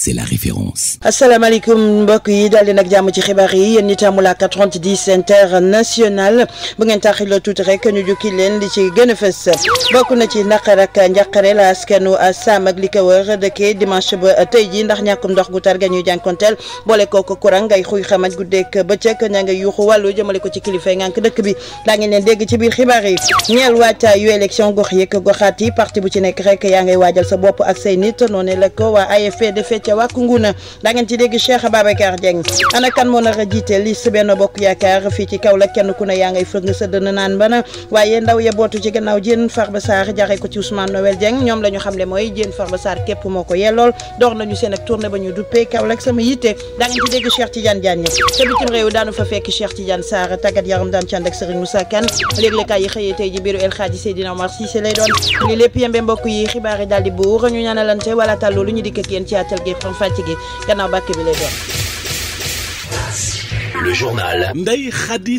c'est la référence. asalaamaaleykum mbokk yi daal di nag jàmm ci xibaar yi yéen ñi tàmmu la 90 international bu ngeen taxiloo tuuti rek ñu jukki leen li ci gën a fës bokk na ci naqar ak njàqare la askanu Saam ak li ko wër dëkkee dimanche ba tey ji ndax ñàkkum ndox gu tar ga ñuy jànkonteel boole kooku courant ngay xuy xamaj guddeeg bëccëg ña nga yuuxu wàllu jëmale ko ci kilifa ngànk dëkk bi daa ngeen leen dégg ci biir xibaar yi ñeel waajta yu élection gox yeeg goxaat yi bu ci nekk rek yaa ngay waajal sa bopp Mbacke wàkku nguna daa ngeen ci dégg Cheikh a Dieng ana kan moo nar a jiite liste Bokk Yaakaar fii ci Kaolack kenn ku ne yaa ngay fëgg sa dënn naan bana waaye ndaw ya bootu ci gannaaw Diène Farba Sarr jaaree ko ci Ousmane Noël Dieng ñoom la xam ne mooy Diène Farba Sarr képp moo ko yellool door nañu seen ak tournée ba ñu duppee Kaolack sama yitte daa ci dégg Cheikh Tidiane Diagne te bitim réew daanu fa fekk Cheikh ci ànd ak Serigne Moussa xam fàcc gi gannaaw bàkk bi lay Le journal. Ndeye Khady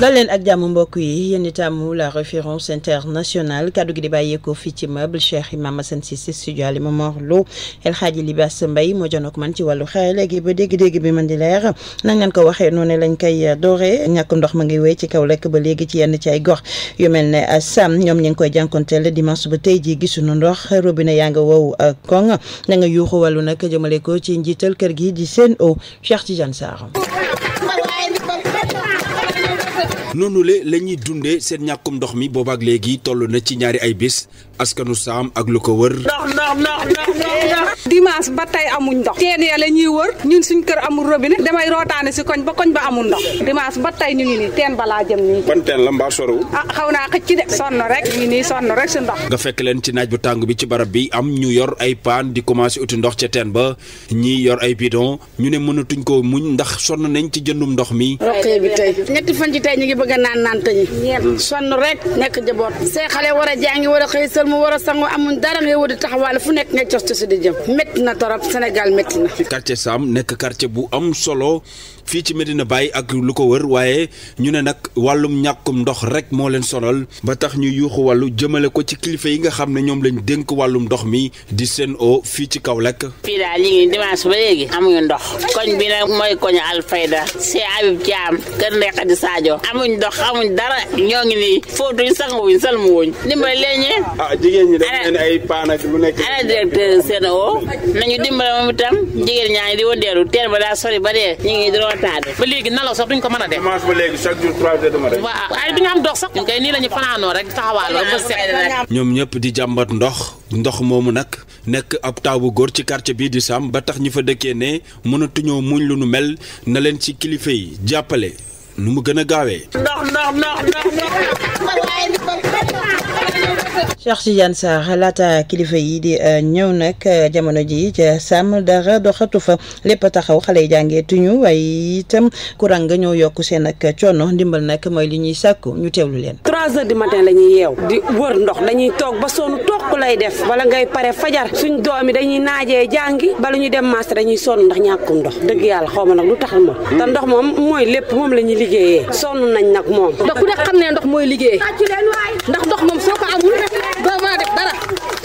dal leen ak jàmm mbokk yi yéen itam la référence internationale kaddu gi di bàyyeekoo fii ci meuble Cheikh Imam Assane Cissé studio Alioune Mor Lo El Hadji Libas Mbaye moo janook man ci wàllu xel léegi ba dégg-dégg bi man di leer nañ leen ko waxee noonu lañ koy dooree ñàkk ndox ma ngi wéy ci kaw lekk ba léegi ci yenn ci ay gox yu mel ne Sam ñoom ñu ngi koy jànkonteel dimanche ba tey jii gisuñu ndox robine yaa nga wow koŋ na nga yuuxu wallu nag jëmale ko ci njiital kër gi di Sen'Eau Cheikh Tidiane Sarr noonu la la ñuy dundee seen ñàkkum ndox mi boobaak léegi toll na ci ñaari ay bés askanu saam ak lu ko wër. ndox ba tey amuñ ndox. teen ya la ñuy wër ñun suñ kër amul robinet damay rootaane si koñ ba koñ ba amul ndox dimanche ba tey ñu ngi nii balaa jëm nii. ban la mbaa ah, xaw naa xëcc de. sonn rek ñu nii sonn rek si fekk leen ci naaj bu tàng bi ci barab bi am ñu yor ay paan di commencé uti ndox ca teen ba ñii yor ay bidon ñu ne mënatuñ ko muñ ndax sonn nañ ci jëndum ndox mi. roqee bi ñu ngi bëgg a naan naan tëñi sonn nekk jaboot see war a jàngi war a xëy sël mu war a sangu amuñ dara ngay wëdd taxawaale fu nekk ngay cos cosi di jëm métti na torop Sénégal métti na quartier Sam nekk quartier bu am solo fii ci Medina Baye ak lu ko wër waaye ñu ne nag wàllum ñàkkum ndox rek moo leen sonal ba tax ñu yuuxu wàllu jëmale ko ci kilifa yi nga xam ne ñoom lañ dénk wàllum ndox mi di seen o fii ci kaw Kaolack. fii daal ñu ngi dimanche ba léegi amuñu koñ bi si Habib Thiam kër Ndexati Sadio amuñ ndox amuñ dara ñoo ngi nii fóotuñ sanguwuñ salmuwuñ dimbale leen ñi. ah jigéen ay paan ak lu nekk. ana moom itam jigéen ñaa ngi di wëndeelu teel ba daa sori ba dee ñu ngi ba léegi nalaw sax duñ ko mën a def dimanche ba léegi chaque jour waaye duñu am dox sax ñun kay nii la ñu fanaanoo rek taxawaal ba set ñoom ñëpp di jàmbat ndox ndox moomu nag nekk ab taabu góor ci quartier bii di Sam ba tax ñi fa dëkkee ne mënatuñoo muñ lu nu mel na leen ci kilifa yi jàppale nu mu gën a gaawee Cheikh Tidiane Sarr laata kilifa yi di euh, ñëw nag euh, jamono ji sàmm dara doxatu fa lépp taxaw xale yi jàngee tuñu waaye itam courant nga ñoo yokk seen ak coono ndimbal nag mooy li ñuy sàkku ñu teewlu leen. 3 heures du matin la ñuy yeew di wër ndox dañuy toog ba sonn lay def bala ngay pare fajar suñ doom yi dañuy naajee jàngi bala ñu dem marché dañuy sonn ndax ñàkkum ndox dëgg yàlla xaw ma nag lu tax moom hmm. te ndox moom mooy lépp moom la ñuy liggéeyee sonn nañ nag moom. ndax ku xam ne ndox liggéey moom soo ko amul doo def dara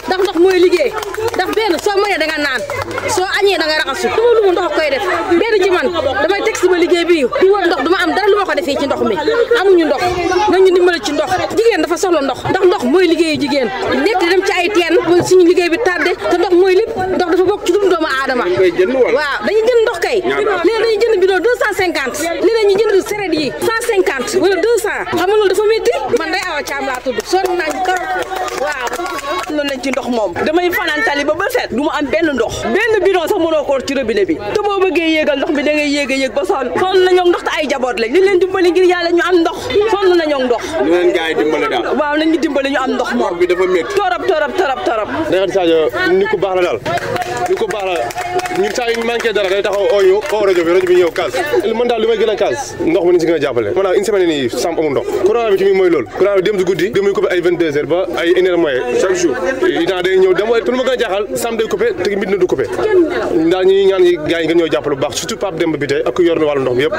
ndax ndox mooy liggéey ndax benn soo mënee da nga naan soo añee da nga raxasu dama lu mu ndox koy def benn ci man damay teg liggéey bi di wër ndox duma am ko defee ci ndox mi amuñu ndox nañu dimbali ci ndox jigéen dafa soxla ndox ndax ndox mooy liggéeyu jigéen nekk dem ci ay teen mooy suñu liggéey bi tardé te ndox mooy lépp ndox dafa bokk ci dund doomu aadama waaw dañuy jënd ndox kay léegi dañuy jënd bidon deux cent cinquante léegi dañuy jënd seret yi cent cinquante wala deux cent xam nga loolu dafa métti man day awa laa tudd sonn naa ci ndox moom damay fanaan tali ba ba set am benn ndox benn bidon sax mënoo koor ci robinet bi te boo bëggee yéegal ndox bi da ngay yéeg a yéeg ba sonn sonn nañoo ndox te ay jaboot lañ li leen dimbali ngir yàlla ñu am ndox sonn nañoo ndox ñu leen gars yi dimbali daal waaw nañu dimbali ñu am ndox moom bi dafa métti torop torop torop torop Ndeye Sadio ni ku baax la daal ni ku baax la ñun saa yu ñu manqué dara day taxaw oo ñu oo rajo bi rajo bi ñëw kaas man daal li may gën a kaas ndox mi ni si gën a jàppale maanaam une semaine nii sam amul ndox courant bi tamit mooy loolu courant bi dem si guddi dem coupé ay 22 heures ba ay une heure moyen chaque jour itam day ñëw dem pour ma gën a jaaxal sam day coupé te mbir na du coupé daal ñuy ñaan yi gars yi ngeen ñëw jàppale baax surtout Pape Demba bi tey ak ku yor na ndox mi yëpp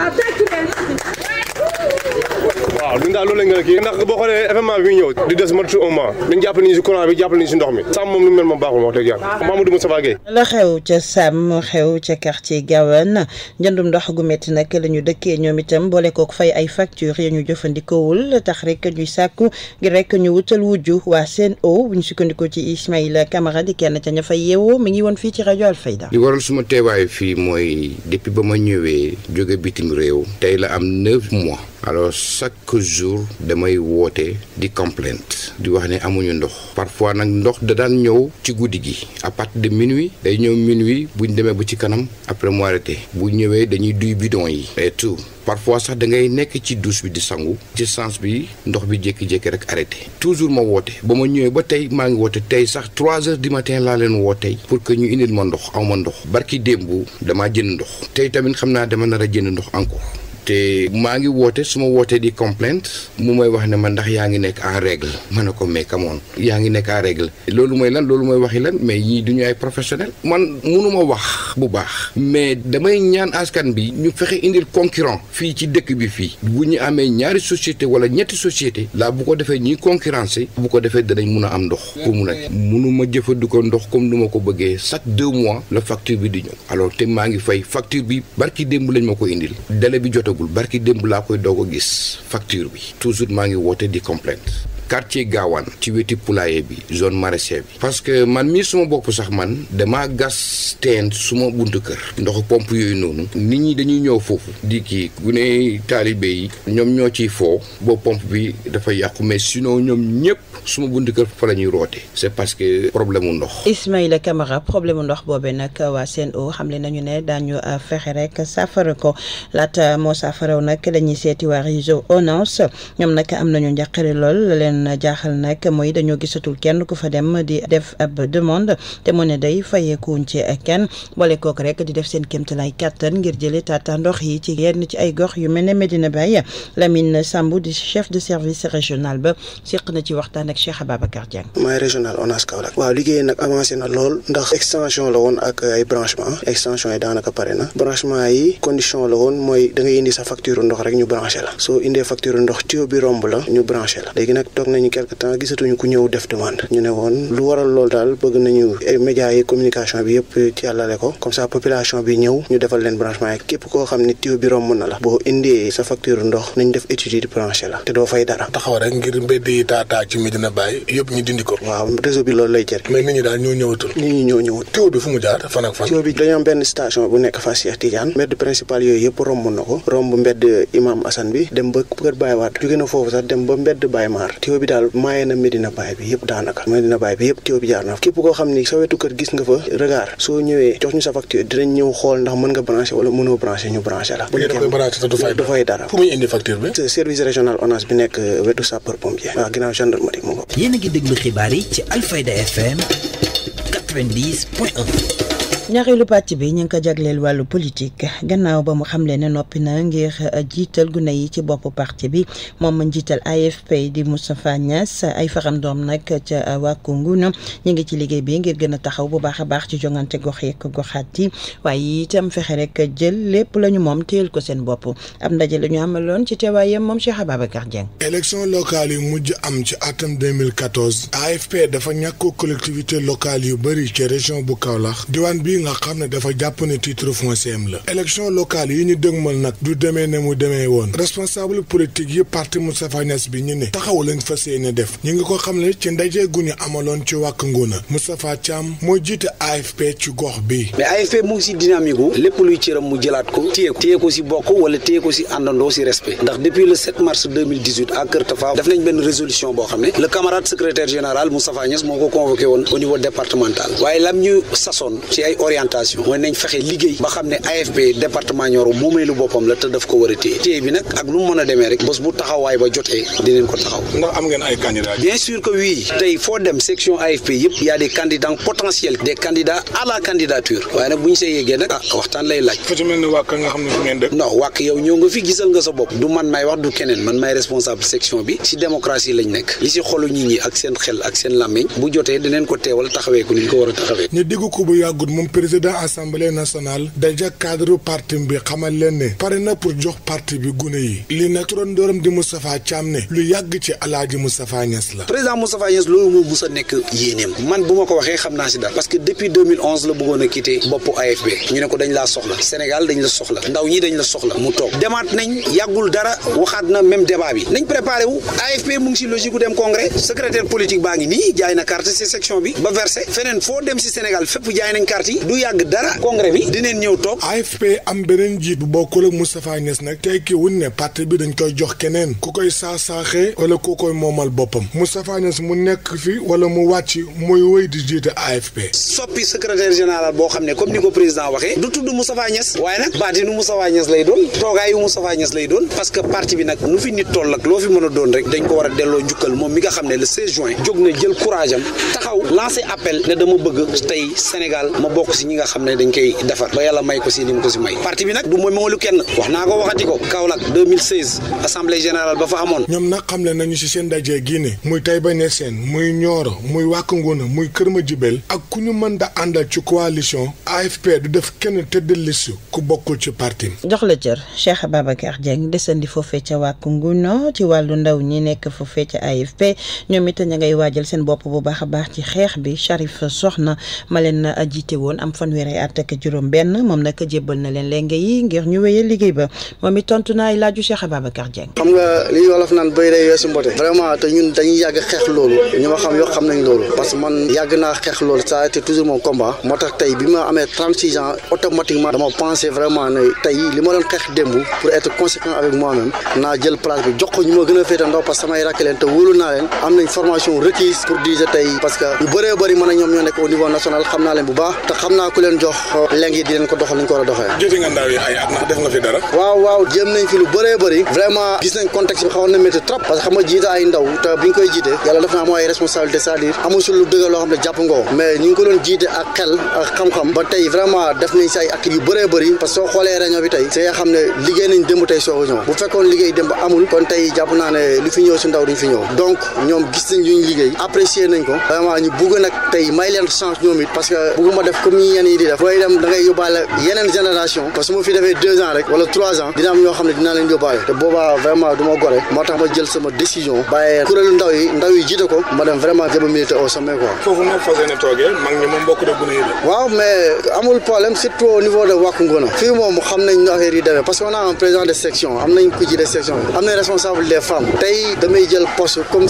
ñun daal loolu ndax boo xoolee événement bi ñëw di des matu un mois dañ jàpp ni si courant bi jàpp ni si ndox mi sàmm moom lu mel moom baaxul wax dëgg yàlla Mamadou Moustapha Gueye la xew ca sàmm xew ca quartier Gawane njëndum ndox gu metti nag la dëkkee ñoom itam boole kook fay ay facture yi ñu jëfandikoowul tax rek ñuy sàkku ngir rek ñu wutal wujju waa seen Sen'Eau bu ñu sukkandikoo ci Ismaïla Camara di kenn ca ña fa yeewoo mu ngi woon fii ci rajo Alfayda li waral suma teewaay fii mooy depuis ba ma ñëwee jóge bitim réew tey la am neuf mois alors chaque jours damay woote di complainte di wax ne amuñu ndox parfois nag ndox da daan ñëw ci guddi gi à partir de minuit day ñëw minuit buñ demee ba ci kanam après mu arrêté bu ñëwee dañuy duy bidon yi et tout parfois sax da ngay nekk ci douche bi di sangu ci sens bi ndox bi jékki-jékki rek arrêté toujours ma woote ba ma ñëwee ba tey maa ngi woote tey sax trois heures du laa leen woo tey pour que ñu indil ma ndox aw ma ndox barki démb damaa jënd ndox tey tamit xam naa dama nar a jënd ndox encore te maa ngi woote suma wootee di complainte mu may wax ne man ndax yaa ngi nekk en règle ma ne ko mais come on yaa ngi nekk en règle loolu mooy lan loolu mooy waxi lan mais yii du ay professionnel man mënuma wax bu baax mais damay ñaan askan bi ñu fexe indil concurrent fii ci dëkk bi fii bu ñu amee ñaari société wala ñetti société la bu ko defee ñuy concurrencé bu ko defee danañ mun a am ndox pour mun a mënuma jëfandikoo ndox comme ni ma ko bëggee chaque deux mois la facture bi di ñëw alors te maa ngi fay facture bi barki démb lañ ma ko indil délai bi jot raisonnable barki démb laa koy doog a gis facture bi toujours maa ngi wootee di complainte quartier Gawane ci wetu poulailler bi zone maraîcher bi parce que man mii suma bopp sax man damaa gas teen suma buntu kër ndoxu pompe yooyu noonu nit ñi dañuy ñëw foofu di kii gune taalibe yi ñoom ñoo ciy foo boo pompe bi dafa yàqu mais sinon ñoom ñëpp suma buntu kër fa la ñuy roote c'est parce que problème mu ndox a Camara problème mu ndox boobee nag waa seen xamle xam ne daañu euh, fexe rek saafara ko laata moo saafaraw nag dañuy seeti waa réseau ONAS ñoom nag am nañu njàqare lool leen leen jaaxal nag mooy dañoo gisatul kenn ku fa dem di def ab demande te mu ne day fayeekuñ ci kenn boole kooku rek di def seen kéemtalaay kàttan ngir jëlee tata ndox yi ci yenn ci ay gox yu mel ne Medina Baye Lamine Sambou di chef de service régional ba seq na ci waxtaan ak Cheikh Ababacar Dieng. mooy régional ONAS Kaolack. waaw liggéey nag avancé na lool ndax extension la woon ak ay branchement extension yi daanaka pare na branchement yi condition la woon mooy da indi sa facture ndox rek ñu branché la soo indee facture ndox bi romb toog nañu quelque temps gisatuñu ku ñëw def demande ñu ne woon lu waral loolu daal bëgg nañu ay médias yi communication bi yëpp ci ko comme ça population bi ñëw ñu defal leen branchement yi képp koo xam ne tuyau bi romb na la boo indee sa facture ndox nañ def étude di branché la te doo fay dara taxaw rek ngir mbedd yi taataa ci Medina Baye yëpp ñu dindi ko waaw réseau bi loolu lay jëriñ mais nit ñi daal ñoo ñëwatul nit ñi ñoo ñëwut tuyau bi fu mu jaar fan ak fan tuyau ba kër Baye tuyau bi daal maaye na Medina Baye bi yëpp daanaka Medina Baye bi yëpp tuyau bi jaar na képp xam ni sa wetu kër gis nga fa regard soo ñëwee jox ñu sa facture dinañ ñëw xool ndax mën nga branché wala mënoo branché ñu branché la du fay dara fu muy indi facture bi service régional ONAS bi nekk euh, wetu sapeur pompier waaw ginnaaw gendarmerie mu ngo a déglu xibaar yi ci Alfayda FM ñaareelu pàcc bi ñu ngi ko jagleel wàllu politique gannaaw ba mu xamle ne noppi na ngir uh, jiital gune yi ci bopp parti bi moom man jiital AFP di Moustapha Niass ay farandoom nag ca uh, waa Congo ñu ngi ci liggéey bi ngir gën a taxaw bu baax a baax ci jongante gox yeeg goxaat yi waaye itam fexe rek jël lépp la moom téyel ko seen bopp am ndaje la ñu amaloon ci teewaayam moom Cheikh Ababacar Dieng. élection locale yu mujj am ci atum 2014 AFP dafa ñàkkoo collectivité locale yu bëri ci région bu Kaolack yi nga xam ne dafa jàpp ne titre foncier la élection locale yi ñu dëgmal nag du demee ne mu demee woon responsable politique yi parti Moustapha Niass bi ñu ne taxaw lañ fas yéene def ñu ngi ko xam ne ci ndaje gu ñu amaloon ci wàkk nguuna Moustapha Thiam mooy jiite AFP ci gox bi. mais AFP mu ngi si dynamique lépp luy cëram mu jëlaat ko téye ko bokk wala téye ko àndandoo si respect ndax depuis le mars 2018 à Kër Tafa benn résolution boo xam ne le orientation mooy nañ fexe liggéey ba xam ne AFP département Nioro moomeelu boppam la te daf ko war a téye téye bi nag ak lu mu a ba jotee dinañ ko taxaw. dem yëpp y a des candidats potentiels des candidats à la candidature waaye bu ñu see yeggee nag ah, waxtaan lay laaj. fu ci mel ne wàkk nga xam ne fu ngeen dëkk. non wàkk yow ñëw nga fi gisal nga sa bopp du man may wax du keneen man may responsable section bi si démocratie lañ nekk li si xolu nit ñi ak seen xel ak seen làmmiñ bu jotee dinañ ko teewal taxawee ko ni ñu ko war a taxawee. ñu dégg k bu yàggut moom président assemblée nationale daja cadre parti bi xamal leen ne pare na pour jox parti bi gune yi li nag turandooram di Moustapha Thiam ne lu yàgg ci alaaji Moustapha Niass la président Moustapha Niass loolu moo musa nekk yéeneem man bu ko waxee xam naa si dara parce que depuis 2011 la bëggoon a quitté boppu AFP ñu ne ko dañ laa soxla Sénégal dañ la soxla ndaw ñi dañ la soxla mu toog demaat nañ yàggul dara waxaat na même débat bi nañ préparé wu AFP mu ngi si logique u baa ngi nii jaay na carte si section bi ba versé feneen foo dem si Sénégal fépp jaay nañ carte du yàgg dara congrès bi dineen ñëw toog AFP am beneen jiit bu bokkul ak Moustapha Niass nag tekki wuñ ne parti bi dañ koy jox keneen ku koy saax-saaxee wala ku koy moomal boppam mu Moustapha Niass mu nekk fi wala mu wàcc mooy wéy di jiite AFP soppi secrétaire général boo xam ne comme ni ko président waxee du tudd Moustapha Niass waaye nag baatinu Moustapha Niass lay doon toogaayu Moustapha Niass lay doon parce que parti bi nag nu fi nit toll ak loo fi mën a doon rek dañ ko a delloo njukkal moom mi nga xam ne le 16 juin jóg na jël courage am taxaw lancé appel ne dama bëgg tey Sénégal ma bokk aussi ñi nga xam ne dañ koy defar ba yàlla may ko si ni mu ko si may parti bi nag du mooy moolu kenn wax naa ko waxati ko Kaolack 2016 assemblée générale ba fa amoon ñoom nag xamle nañu si seen dajee gii ne muy Taïba Niassène muy Nioro muy Wack Ngouna muy Kër Madiabel ak ku ñu mën da àndal ci coalition AFP du def kenn tëdd liste ku bokkul ci parti jox la cër Cheikh Babacar Dieng desandi foofee ca Wack Ngouna ci wàllu ndaw ñi nekk foofee ca AFP ñoom it ña ngay a fanweeri at juróom-benn moom nag jébbal na leen lenge yi ngir ñu wéyal liggéey ba moom it tontu naa laaju Cheikh Ababacar Dieng. xam nga li wolof naan bëy day weesu te ñun ma xam yoo xam nañ loolu parce li ma doon xeex démb pour être conséquent avec moi-même naa jël place bi jox ñu ma gën a féete ndaw parce que samay rakk leen te wóolu naa leen am nañ formation requise pour diriger tey parce que ñu bëree bëri mën ñoom ñoo nekk au national xam naa leen bu baax xam naa a doxee jiite lu bëree loo xam ne jàpp nga mais ñu ko doon jiite soo xoolee réunion bi tey soo ñëw bu donc ñoom gis nañ ñu liggéey apprécier nañ ñu bugg bugguma def ñi ñenn yi di def booy dem da yóbbaale yeneen génération parce que fi defee deux ans rek wala trois ans dina am xam ne dinaa leen yóbbaale te boobaa du ma gore moo tax ma jël sama décision bàyyi kuréelu ndaw yi ndaw yi ko ma dem vraiment jéem a mag ñi moom bokk de bu ne waaw mais amul problème surtout au niveau de Wack Ngouna fii moom xam nañ ñu affaire yi demee parce que on président de section am nañ responsable des femmes tey damay jël poste comme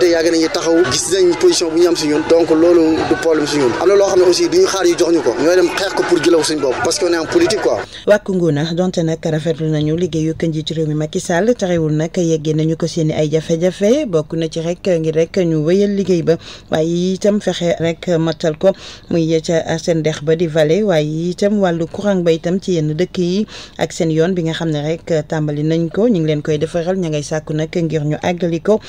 société yàgg nañu taxaw gis nañ position bu ñu am si ñun donc loolu du problème si ñun am na loo xam ne aussi du ñu xaar yu jox ñu ko ñooy dem xeex ko pour jëlaw suñ bopp parce que on est en politique quoi. wàkk nguuna donte nag rafetlu nañu liggéeyu kën jiitu réew mi Macky Sall taxewul nag nañu ko seen ay jafe-jafe bokk na ci rek ngir rek ñu wéyal liggéey ba waaye itam fexe rek mattal ko muy ca seen dex ba di vallée waaye itam wàllu courant ba itam ci yenn dëkk yi ak seen yoon bi nga xam ne rek tàmbali nañ ko ñu ngi leen koy defaral ña ngay sàkku nag ngir ñu àggali ko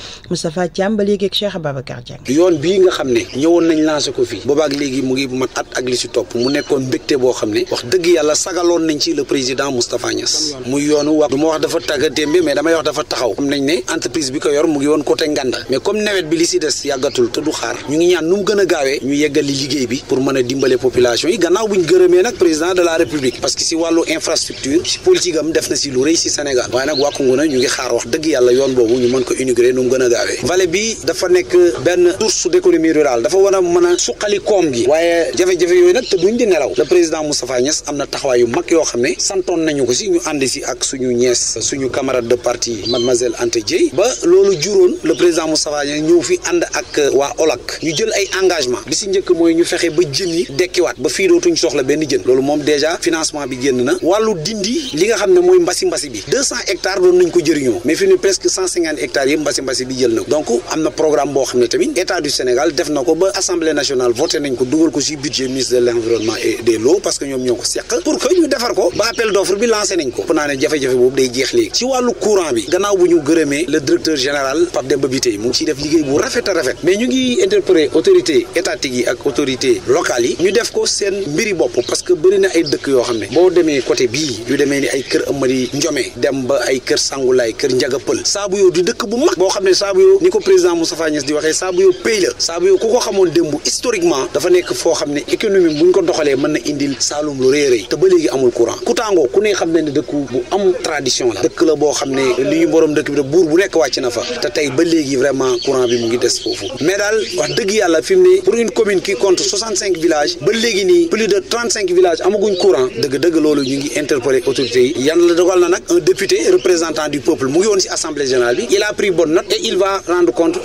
ba léegi ak Cheikh Ababacar Dieng yoon bii nga xam ne ñëwoon nañ lancé ko fii boobaak léegi mu ngi mat at ak li si topp mu nekkoon mbégte boo xam ne wax dëgg yàlla sagaloon nañ ci le président Moustapha Niass muy yoonu wax du ma wax dafa tagga témbe mais damay taxaw xam nañ ne entreprise bi ko yor mu ngi woon côté Nganda mais comme nawet bi li si des yàggatul te du xaar ñu ngi ñaan nu mu gën a pour mën a dimbale population yi gannaaw buñ gërëmee nag président de la république parce que si wàllu infrastructure si lu rëy si Sénégal waaye nag wàkku ngu na ñu ngi xaar wax yàlla yoon boobu ñu mën ko inaugurer nu mu gën a gaawee lii dafa nekk benn source d'économie rural dafa war a mën a suqali koom gi waaye jafe-jafe yooyu nag te buñ di nelaw le président Moustapha Niass am na taxawaay yu mag yoo xam ne santoon nañu ko si ñu ànd si ak suñu ñees suñu camarade de parti mademoiselle Anta Dieye ba loolu juróon le président Moustapha Niass ñëw fi ànd ak euh, waa OLAC ñu jël ay engagement bi si njëkk mooy ñu fexe ba jën yi dekkiwaat ba fii dootuñ soxla benn jën loolu moom déjà financement bi génn na wàllu dindi li nga xam ne mooy mbasi mbasi bi deux cent hectares doon nañ ko jëriñoo mais fi ne presque cent bi jël na am na programme boo xam ne tamit état du Sénégal def na ko ba assemblée nationale voté nañ ko dugal ko ci budget ministre de l' et de l'eau parce que ñoom ñoo ko seq pour que ñu defar ko ba appel d' offre bi lancé nañ ko. pour naa ne jafe-jafe boobu day jeex léegi ci wàllu courant bi gannaaw bu ñu gërëmee le directeur général Pape Demba Bitèye mu ngi def liggéey bu rafet a rafet mais ñu ngi interpellé autorité étatique yi ak autorité locale yi ñu président Moustapha di waxee Saabu pays la Saabu ku ko xamoon démb historiquement dafa nekk foo xam ne économie buñ ko doxalee mën na indil Saalum lu rëy rëy te ba léegi amul courant Koutango ku ne xam ne ne dëkk bu am tradition la dëkk la boo xam ne li ñu borom dëkk bi da buur bu nekk wàcc na fa te tey ba léegi vraiment courant bi mu ngi des foofu mais daal wax dëgg yàlla fi ne pour une commune qui compte soixante cinq villages ba léegi nii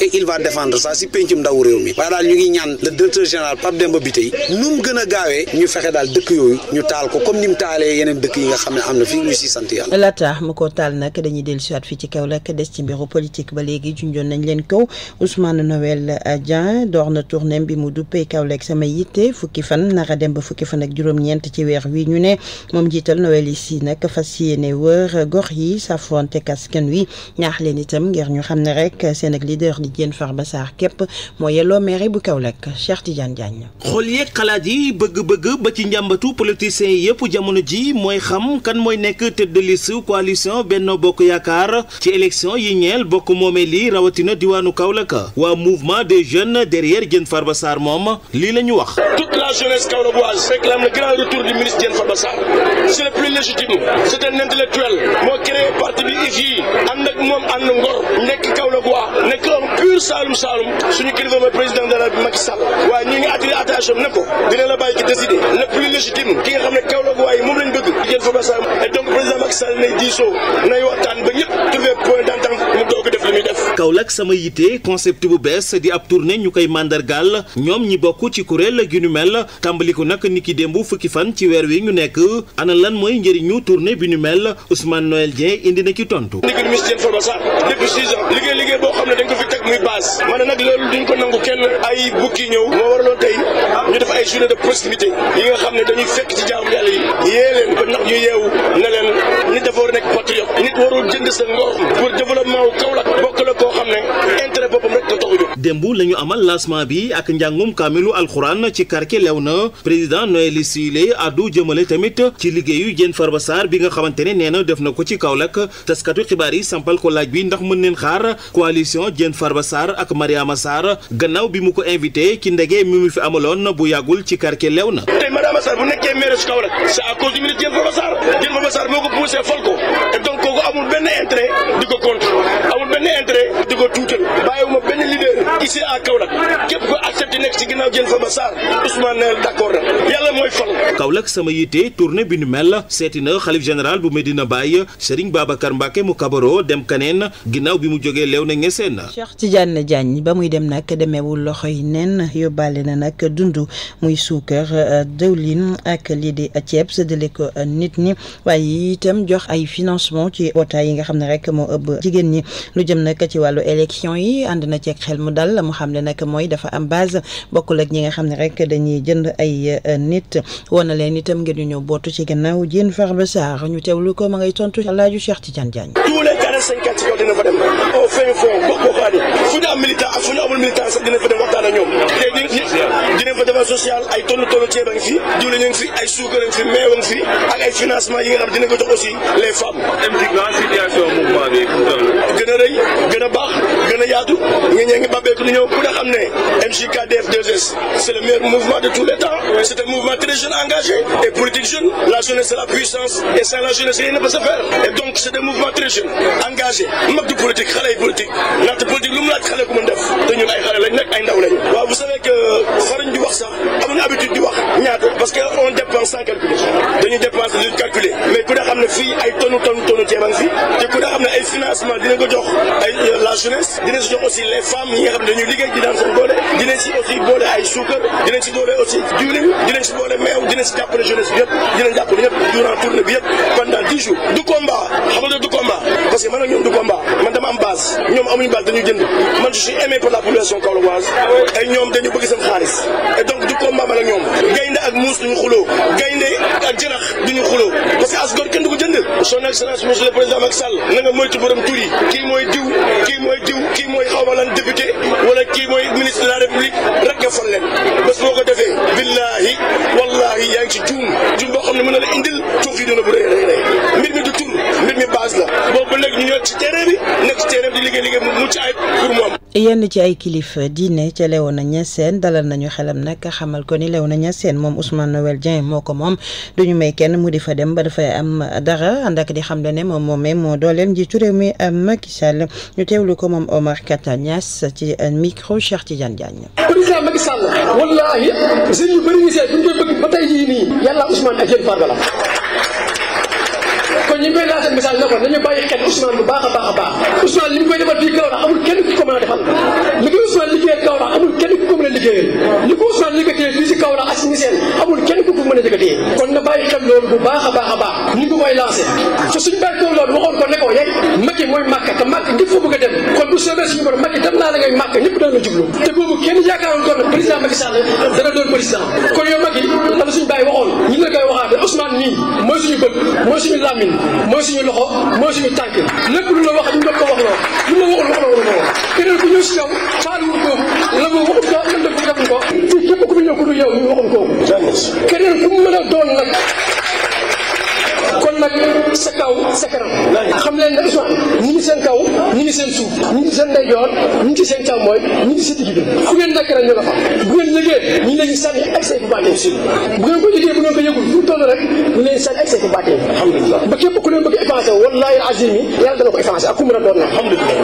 et il va défendre ça si pencum ndaw réew mi waaye daal ñu ngi ñaan le directeur général Pape Demba Bitèye nu mu gën a gaawee ñu fexe daal dëkk yooyu ñu taal ko comme ni mu taalee yeneen dëkk yi nga xam ne am na fii ñu siy sant yàlla. laata mu ko taal nag dañuy dellusiwaat fii ci Kaolack des ci mbiru politique ba léegi junjoon nañ leen kaw Ousmane Noël Dieng door na bi mu duppee Kaolack sama yitte fukki fan nara dem ba fukki fan ak juróom-ñeent ci yi si nag fas yéene wër gox yi safonte kaskan wi ñaax leen itam ngir ñu xam ne rek seen ak maire di Diène Farba Sarr képp moo yelloo maire bu Kaolack Cheikh Tidiane Diagne. xool yeeg xalaat yi bëgg-bëgg ba ci njàmbatu politiciens yëpp jamono ji mooy xam kan mooy nekk tête de liste coalition Benno Bokk Yaakaar ci élection yi ñeel bokk moomee lii rawatina diwaanu Kaolack waa mouvement des jeunes derrière Diène Farba Sarr moom lii la ñu wax. toute la jeunesse kaolackoise réclame le grand retour du ministre Diène Farba Sarr c'est le plus légitime c'est un intellectuel moo créé parti bi IFI ànd ak moom ànd ngor pur Saloum Saloum suñu kilifa président de la République Macky Sall waaye ñu ngi attiré attention ne ko dina la bàyyi ci décider le plus légitime ki nga xam ne Kaolack waaye moom lañ bëgg jël formation et donc président Macky Sall nay diisoo nay waxtaan ba ñëpp trouver point d'entente mu doog a def li muy def. Kaolack sama yite concept bu bees di ab tournée ñu koy mandargaal ñoom ñi bokk ci kuréel yi nu mel tàmbaliku nag ni ki démb fukki fan ci weer wi ñu nekk ana lan mooy njëriñu tournée bi nu mel Ousmane Noël Dieng indi na ci tontu. liggéey teg muy base ma ne nag loolu duñ ko nangu kenn ay bukki ñëw moo waraloon tey ñu def ay journée de proximité yi nga xam ne dañuy fekk ci jaamu yàlla yi yee leen ba ndax ñu yeewu ne leen nit dafa war a nekk patriote nit warul jënd sa ngor pour développement wu Kaolack démb la ñu amal lancement bi ak njàngum kaamilu alxuraan ci quartier Léona président Noël Silé addu jëmale tamit ci liggéeyu Diène ba Sarr bi nga xamante ne nee na def na ko ci Kaolack taskatu xibaar yi sampal ko bi ndax mën neen xaar coalition Diène ba Sarr ak Mariama Sarr gannaaw bi mu ko invité ci ndege mi mu fi amaloon bu yàggul ci quartier Léona. tey Mariama Sarr bu nekkee maire su Kaolack c'est à cause du ministre Diène Farba Sarr Diène Farba ici à Kaolack képp ko accepté nekk ci ginnaaw jën fa ba Sarr Ousmane d'accord na yàlla mooy fal. Kaolack sama yitte tournée bi nu mel seeti na xalif général bu Medina Baye Serigne Babacar Mbacke mu kabaro dem kaneen ginnaaw bi mu jógee leew na ngeseen. Cheikh Tidiane Diagne ba muy dem nag demeewul loxo yi nen yóbbaale na nag dund muy suukar euh, dëwlin ak lii di ceeb séddale ko euh, nit ñi waaye itam jox ay financement ci wootaay yi nga xam ne rek moo ëpp jigéen lu jëm nag ci wàllu élection yi ànd dal mu xam ne nag mooy dafa am base bokkul ak ñi nga xam ne rek dañuy jënd ay euh, nit wana leen itam ngeen ñu ñëw bootu ci gannaaw Diène Farba Sarr ñu teewlu ko ma ngay tontu laaju Cheikh Tidiane Diagne. tous les quarante cinq ans ci kaw dina fa dem au fin fond bokk bokkaani fu ñu am militant ak fu ñu amul sax dina fa dem débat social fi ay suukar fi meew fi ay financement yi nga xam dina ko jox aussi les femmes. gën a rëy gën a baax gën a yaatu nga ñee ngi bàbbeeku ñëw ku ne xam ne mjkdf 2 c'est le meilleur mouvement de tous les temps c'est un mouvement très jeune engagé et politique jeune la jeunesse c'est la puissance et sans la jeunesse c'est des mag du politique xale yi politique ndaxte politique lu mu laaj xale ku mën te ñun ay xale lañ nag ay ndaw lañ waaw vous savez que fariñ sax amuñu habitude di wax ñaata parce que on dépense sans calculer dañuy dépense lu calculer mais ku ne xam ne fii ay tonne tonne tonne ceeb a xam ne ay financement dina ko jox ay euh, la jeunesse dina si jox aussi les femmes yi nga xam ne dañuy liggéey di daan seen doole dinañ si aussi boole ay suukar dinañ si boole aussi diwlin dinañ si boole meew dinañ si jàppale jeunesse bi yëpp dinañ jàppale ñëpp durant tournée bi yëpp pendant dix jours du combat xam du combat parce que du combat donc du combat man ak ñoom gaynde ko jënd son excellence monsieur le président Macky Sall na nga moytu borom tur yi kii mooy diw kii mooy diw kii mooy xaw ma lan député wala kii mooy ministre de la république rek nga fon leen bés boo ko defee billahi wallahi yaa ngi ci juum juum boo la indil suuf yi dina bu rëy rëy rëy mbir mi du tur mbir mi base la boobu ba léegi ñu ñëw ci terrain bi nekk ci terrain bi di liggéey yenn ci ay kilifa diine ca Léona Niassène dalal nañu xelam nag xamal ko ni Léona Niassène moom Ousmane Noël Dieng moo ko moom duñu may kenn mu di dem ba dafay am dara ànd ak di xam ne moom moomee moo dooleel njiitu réew mi euh, Macky Sall ñu teewlu ko moom Omar Kata Niass ci euh, micro Cheikh Tidiane Diagne. président Macky Sall wallaahi sëñ yu bëri ñu seet bu koy bëgg ba tey jii nii yàlla Ousmane ak yéen kon li may lancé message na ko nañu bàyyi xel Ousmane bu baax a baax a baax Ousmane li ñu koy defal fii Kaolack amul kenn ku ko mën a defal li koy Ousmane liggéeyal Kaolack amul kenn ku ko mën a liggéeyal li ko Ousmane liggéeyal fii si Kaolack ak si seen amul kenn ku ko mën a liggéeyal kon na bàyyi xel loolu bu baax a baax a baax ñu ngi koy lancé te suñu bàyyi ko loolu waxoon ko ne ko yeg Macky mooy Makka te Makka ñëpp fa bëgg a dem kon bu soobee suñu borom Macky dem naa la ngay Makka ñëpp daan la jublu te boobu kenn yaakaaroon ko ne président Macky Sall dana doon président kon yow Macky la suñu bàyyi waxoon ñu ngi la koy waxaate Ousmane nii mooy suñu bët mooy suñu làmmiñ mooy suñu loxo mooy suñu tànk lu la wax ñu doon ko wax loo lu ma waxul wax la wala ma wax keneen ku ñëw si yow faaluwul ko la ma waxut ko a def ko defuñ ko fii képp ku fi ñëw ku dul yow ñu waxuñ ko keneen ku mën a doon nag ñoom nag sa kaw sa kanam xam leen nag soit ñi ngi seen kaw ñi ngi seen suuf ñi ngi seen ndeyjoor ñi ngi seen càmmooñ ñi ngi seen digg bi fu ngeen nekk rek ñu nga fa bu ngeen liggéey ñu ngi leen sànni ak say bu bàttee si bu ngeen ko liggéey bu ngeen ko yëgul fu toll rek ñu leen sànni ak say bu bàttee alhamdulilah ba képp ku leen bëgg effacé wallaahi azim yi yàlla dana ko effacé ak ku mën a doon na alhamdulilah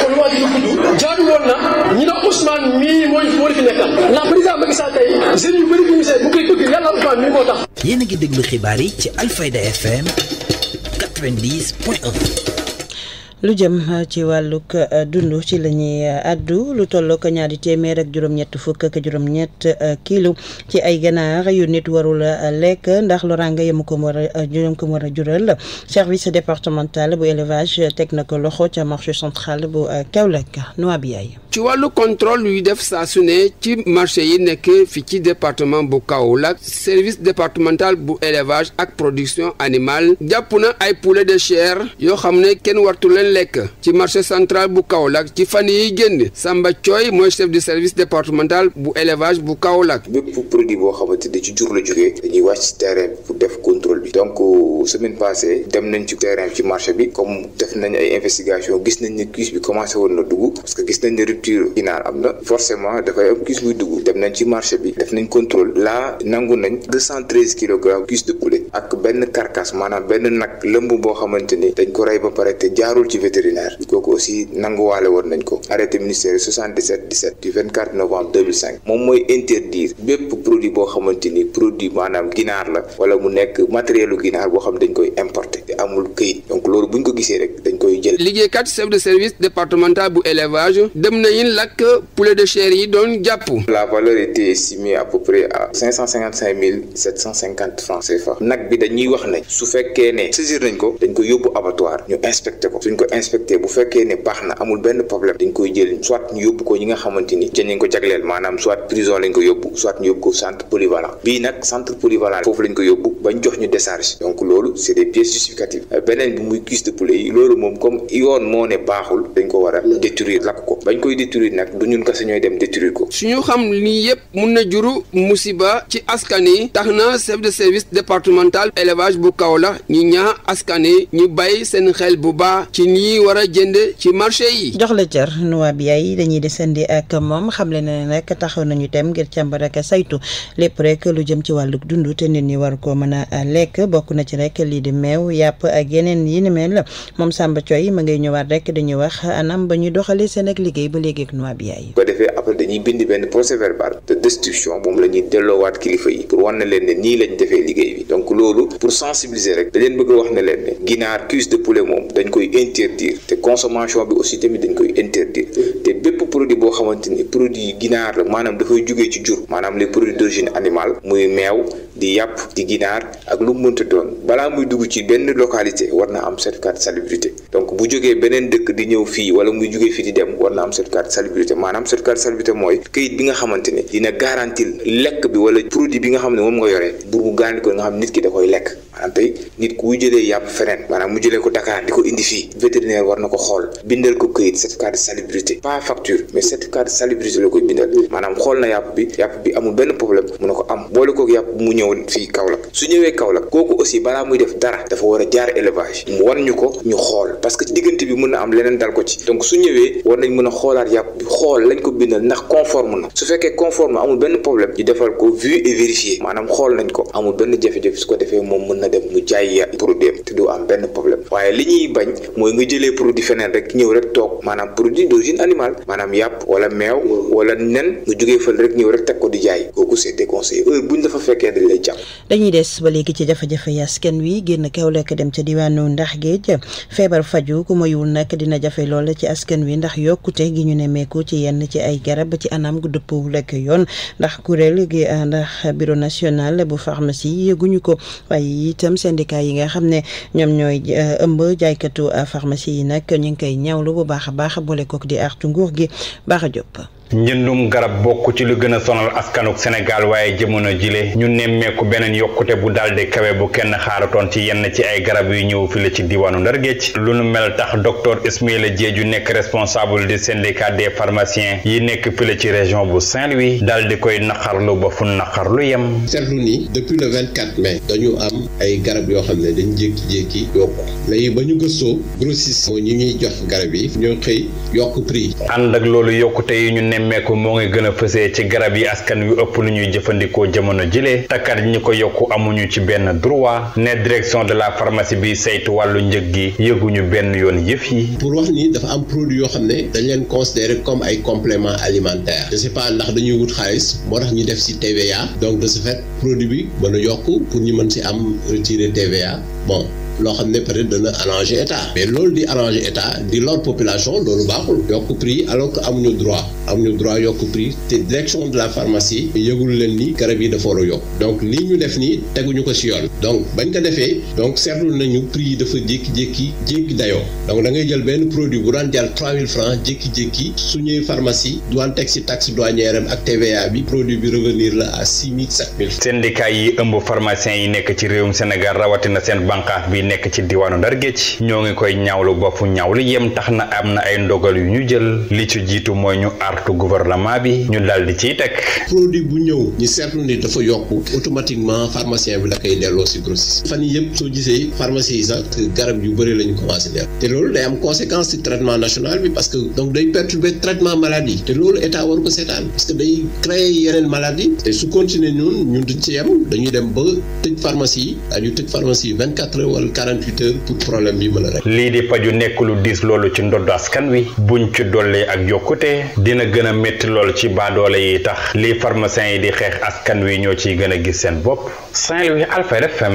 kon waa ji lu gudd jaadu woon na ñu ne Ousmane mii mooy moo fi nekkal ndax président Macky Sall tey jeunes yu bëri bu ñu see bu koy bëgg yàlla Ousmane mii moo tax yéen a ngi déglu xibaar yi ci Alfayda FM point 1 lu jëm uh, ci wàllug uh, dund ci la ñuy addu uh, lu tollook ñaari téeméer ak juróom-ñett fukk ak juróom-ñett ci ay ganaar yu nit warul lekk ndax loraanga yëm ko war a jëm ko war a jural service départemental bu élevage teg na ko loxo ca marché central bu k Kaolack Nouab Yaye ci wàllu contrôle yuy def saa su ne ci marché yi nekk fii ci département bu kaw la service départemental bu élevage ak production animale jàpp na ay poulet de chair yoo xam ne kenn wartu leen lekk ci marché central bu Kaolack ci fan yiy génn Samba Thioy mooy chef du service départemental bu élevage bu Kaolack. bépp produit boo xamante ne ci jur la jógee dañuy wàcc ci terrain bi pour def contrôle bi donc euh, semaine passée dem nañ ci terrain ci marché bi comme def nañ ay investigation gis nañ ne cuisse bi commencé woon na dugg parce que gis nañ ne rupture ginaar am na forcément dafay am cuisse buy dugg dem nañ ci marché bi def nañ contrôle là nangu nañ deux cent treize kilogrammes cuisse ak benn carcasse maanaam benn nag lëmb boo xamante ni dañ ko rey ba pare te ci vétérinaire kooku aussi nanguwaale woon nañ ko arrêté ministériel 77 novembre moom mooy interdire bépp produit boo xamante ni produit maanaam ginaar la wala mu nekk matérielu ginaar boo xam dañ koy importer te amul këyit donc loolu buñ ko gisee rek dañ koy jël. liggéeykat chef de service départemental bu élevage dem nañu lakk poulet de chair yi doon jàpp. la valeur était estimée à peu près nag bi dañuy wax nañ su fekkee ne saisir nañ ko dañ ko yóbbu abattoir inspecté bu fekkee ne baax na amul benn problème dañ koy jël soit ñu yóbbu ko ñi nga xamante ni ñu ko jagleel maanaam soit prison lañ ko yóbbu soit ñu yóbbu ko centre polyvalent bii nag centre polyvalent foofu lañ ko yóbbu bañ jox ñu décharge donc loolu c'est des pièces justificatives euh, beneen bi muy cuisse de poulet loolu moom comme yoon moo ne baaxul dañ ko war a détruire lakk ko bañ koy détruire nag du ñun ñooy dem détruire ko suñu ñu ñaa ñi war a jënd ci marché yi. jox la cër nuwaab yaay dañuy desandi ak moom xam xamle na rek taxaw nañu tem ngir càmbar rek saytu lépp rek lu jëm ci wàllu dundu te nit ñi war koo mën a lekk bokk na ci rek lii di meew yàpp ak yeneen yi ni mel moom Samba Thioy ma ngay ñëwaat rek dañuy wax anam ba ñuy doxalee seen ak liggéey ba léegi ak nuwaab yaay. bu ko defee après dañuy bind benn procès verbal de destitution moom la ñuy delloowaat kilifa yi pour wan na leen ne nii lañ donc loolu pour sensibiliser rek da leen interdire te consommation bi aussi tamit dañ koy interdire te bépp produit boo xamante ni produit yi ginaar la maanaam dafay jógee ci jur maanaam les produits d'origine animale muy meew di yàpp di ginaar ak lu mu mënta doon balaa muy dugg ci benn localité war na am certificat de salubrité donc bu jógee beneen dëkk di ñëw fii wala muy jógee fii di dem war na am certificat de salubrité maanaam certificat de salubrité mooy këyit bi nga bi wala xam ne moom nga yoree bur bu garanti ko nga xam nit ki da koy lekk maanaam tey maanaam mu jëlee ko Dakar di ko indi fii vétérinaire na ko de salubrité pas facture mais certificat de salubrité maanaam xool na yàpp bi yàpp bi amul benn problème mu ne ko am boole ko yàpp mu ñëw ñëw fii Kaolack su ñëwee Kaolack kooku aussi balaa muy def dara dafa war a jaar élevage mu wan ñu ko ñu xool parce que diggante bi mën na am leneen dal ko ci donc su ñëwee war nañ mën a xoolaat yàpp bi xool lañ ko bindal ndax conforme na su fekkee conforme amul benn problème ñu defal ko vu et vérifié maanaam xool nañ ko amul benn jafe-jafe su ko defee moom mën na dem mu jaay ya produit am te du am benn problème waaye li ñuy bañ mooy nga jëlee produit feneen rek ñëw rek toog maanaam produit d'origine animale maanaam yàpp wala meew wala nen nga jógee fël rek ñëw rek teg ko di jaay kooku c'est déconseillé heure buñ dafa Ndeye Thiam dañuy des ba léegi ci jafe-jafe yi askan wi génn kaw lekk dem ca diwaanu ndax géej feebar faju ku mayul nag dina jafe lool ci askan wi ndax yokkute gi ñu nemmeeku ci yenn ci ay garab ci anam gu dëppoo lekk yoon ndax kuréel gi ah, ndax bureau national bu pharmacie yëguñu ko waaye itam syndicat yi nga xam ne ñoom ñooy ah, ëmb jaaykatu ah, pharmacie yi nag ñu ngi koy ñaawlu bu baax a baax boole kook di artu nguur gi baax a jóp njëndum garab bokk ci lu gën a sonal askanuk Sénégal waaye jamono jile ñu nemmeeku beneen yokkute bu daldi kawe bu kenn xaaratoon ci yenn ci ay garab yu ñëw fi la ci diwaanu Ndar Géej lu nu mel tax docteur Ismaïla Diédhiou nekk responsable du syndicat des pharmaciens yi nekk fi ci région bu Saint-Louis dal di koy naqarlu ba fu naqarlu yem. seetlu ni depuis le 24 mai dañu am ay garab yoo xam ne dañ jékki-jékki yokku léegi ba ñu gëstoo grossiste moo ñu yi ñoo xëy yokk prix. ànd ak loolu nemmeeku moo ngi gën a fësee ci garab yi askan wi ëpp lu ñuy jëfandikoo jamono jile takkat ñi ko yokku amuñu ci benn droit ne direction de la pharmacie bi saytu wàllu njëg gi ñu benn yoon yëf yi. pour wax ni dafa am produit yoo xam ne dañu leen considéré comme ay compléments alimentaires je sais ndax dañuy wut xaalis moo tax ñu def si TVA donc de ce fait produit bi mën yokk pour ñu mën ci am retirer TVA bon. loo xam ne peut-être arranger état mais loolu di arranger état di lor population loolu baaxul yokk prix alors que amuñu droit amuñu droit yokk prix te direction de la pharmacie yëgul leen ni garab yi dafa war yokk donc lii ñu def nii teguñu ko ci yoon donc bañ ko defee donc seetlu nañu prix yi dafa jékki-jékki jékki dayoo donc da ngay jël benn produit bu daan jar 3000 francs jékki-jékki suñuy pharmacie duwaan teg ci taxe douanière am ak TVA bi produit bi revenir la à 6000 7000. syndicat yi ëmb pharmaciens yi nekk ci réewum Sénégal rawatina seen bànqaas bi. nekk ci diwaanu Ndar Géej ñoo ngi koy ñaawlu bopp ñaawlu yem tax na am na ay ndogal yu ñu jël li ci jiitu mooy ñu artu gouvernement bi ñu dal di ciy teg. produit bu ñëw ñu seetlu ni dafa yokk automatiquement pharmacien bi la koy delloo si grossiste fan yii yëpp soo gisee pharmacie yi sax garab yu bëri la ñu commencé def te loolu day am conséquence ci traitement national bi parce que donc day perturber traitement maladie te loolu état war ko seetaan parce que day yeneen maladie te su continuer ñun ñun duñ ci yem dañuy dem ba tëj pharmacie yi dañuy tëj pharmacie yi vingt quatre heures wala 48 heures pour problème bi mën a lii di faju nekk lu diis loolu ci ndodd askan wi buñ ci dollee ak yokkute dina gën a métti lool ci baadoole yi tax lii pharmacien yi di xeex askan wi ñoo ci gën a gis seen bopp Saint-Louis Alfayda FM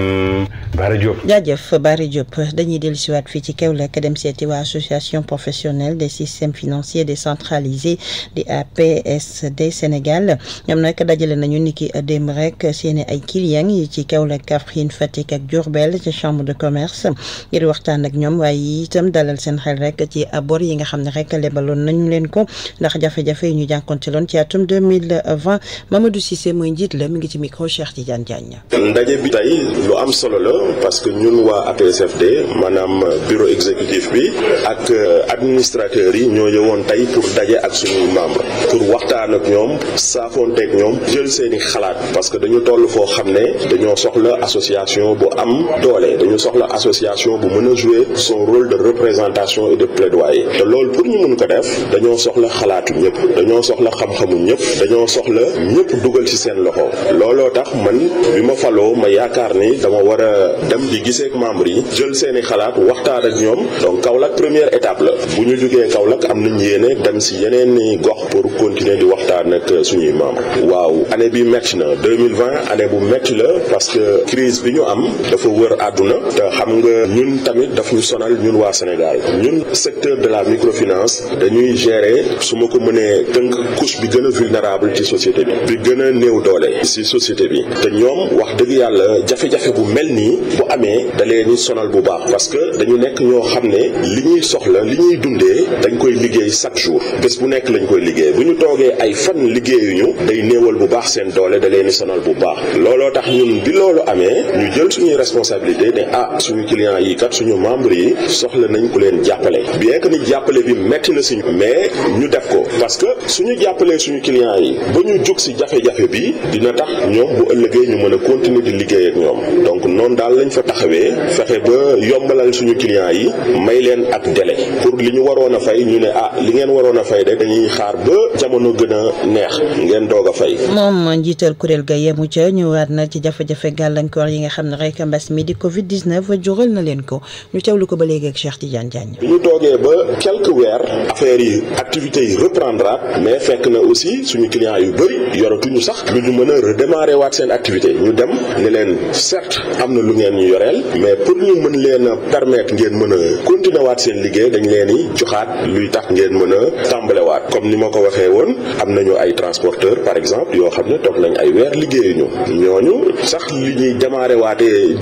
Bara Diop jaajëf Bara Diop dañuy dellu siwaat fii ci Kaolack dem seeti waa association professionnelle des systèmes financiers décentralisés di APSD Sénégal ñoom nag dajale nañu niki démb rek seeni ay clients yi ci Kaolack Kaffrine Fatick ak Diourbel ci chambre de commerce ngir waxtaan ak ñoom waaye itam dalal seen xel rek ci abor yi nga xam ne rek lebaloon nañu leen ko ndax jafe-jafe ñu jànkoonteloon ci atum 2020 Mamadou Cissé mooy njiit la mi ngi ci micro bureau exécutif bi ak administrateur yi ñoo yëwoon tey pour daje ak suñuy membre pour waxtaan ak ñoom saafoonteeg ñoom jël seeni xalaat parce que dañu toll foo xam ne dañoo soxla association bu am doole dañu soxla soxla association bu mën a jouer son rôle de représentation et de plaidoyer te lool pour ñu mën ko def dañoo soxla xalaatu ñëpp dañoo soxla xam ñëpp dañoo soxla ñëpp dugal ci seen loxo looloo tax man bi ma faloo ma yaakaar ni dama war a dem bi giseek membre yi jël seeni xalaat waxtaan ak ñoom donc Kaolack première étape la bu ñu jugee Kaolack am nañ yéene dem si yeneen ni gox pour continuer di waxtaan ak suñuy membre waaw année bi métti na 2020 année bu métti la parce que crise bi ñu am dafa wër àdduna xam nga ñun tamit daf ñu sonal ñun waa Sénégal ñun secteur de la microfinance dañuy gérer su ma ko mënee tënk couche bi gën a vulnérable ci société bi bi gën a néew doole ci société bi te ñoom wax dëgg yàlla jafe-jafe bu mel nii bu amee da leen sonal bu baax parce que dañu nekk ñoo xam ne li ñuy soxla li ñuy dundee dañ koy liggéey chaque jour bés bu nekk lañ koy liggéey bu ñu toogee ay fan liggéeyuñu day néewal bu baax seen doole da leen sonal bu baax looloo tax ñun bi loolu amee ñu jël suñuy responsabilité ah suñu client yi kat suñu membre yi soxla nañ ku leen jàppale bien que ni jàppale bi metti na suñu mais ñu def ko parce que suñu jàppalee suñu client yi ba ñu jóg si jafe-jafe bi dina tax ñoom bu ëllëgee ñu mën a continuer di liggéey ak ñoom donc noonu daal lañ fa taxawee fexe ba yombalal suñu client yi may leen ak dele pour li ñu waroon a fay ñu ne ah li ngeen waroon a fay de dañuy xaar ba jamono gën a neex ngeen doog a fay. moom njiital kuréel ga yemu grève jural na leen ko ñu teewlu ko ba léegi ak Cheikh Tidiane Diagne. bi ñu toogee ba quelques weer affaires yi activités yi reprendra mais fekk na aussi suñu clients yu bëri yoratuñu sax lu ñu mën a redémarrer waat seen activité ñu dem ni leen certes am na lu ngeen ñu yoreel mais pour ñu mën leen a permettre ngeen mën a continuer waat seen liggéey dañ leen di joxaat luy tax ngeen mën a tàmbalewaat comme ni ma ko waxee woon am nañu ay transporteurs par exemple yoo xam ne toog nañ ay weer liggéeyuñu ñooñu sax li ñuy démarrer waatee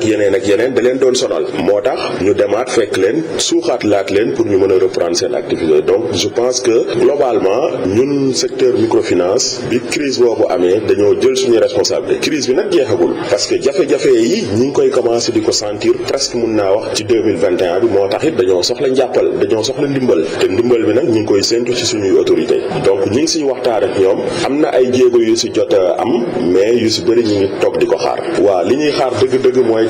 ak yeneen ak yeneen da leen doon sonal moo tax ñu demaat fekk leen suuxaat laat leen pour ñu mën a reprendre seen activité donc je pense que globalement ñun secteur microfinance bi crise boobu amee dañoo jël suñu responsabilité crise bi nag jeexagul parce que jafe-jafe yi ñi ngi koy commencé di ko sentir presque mun naa wax ci 2021 bi moo tax it dañoo soxla njàppal dañoo soxla ndimbal te ndimbal bi nag ñu ngi koy séntu ci suñuy autorité donc ñi ngi siy waxtaan ak ñoom am ay jéego yu si jot am mais yu si bëri ñu ngi di ko xaar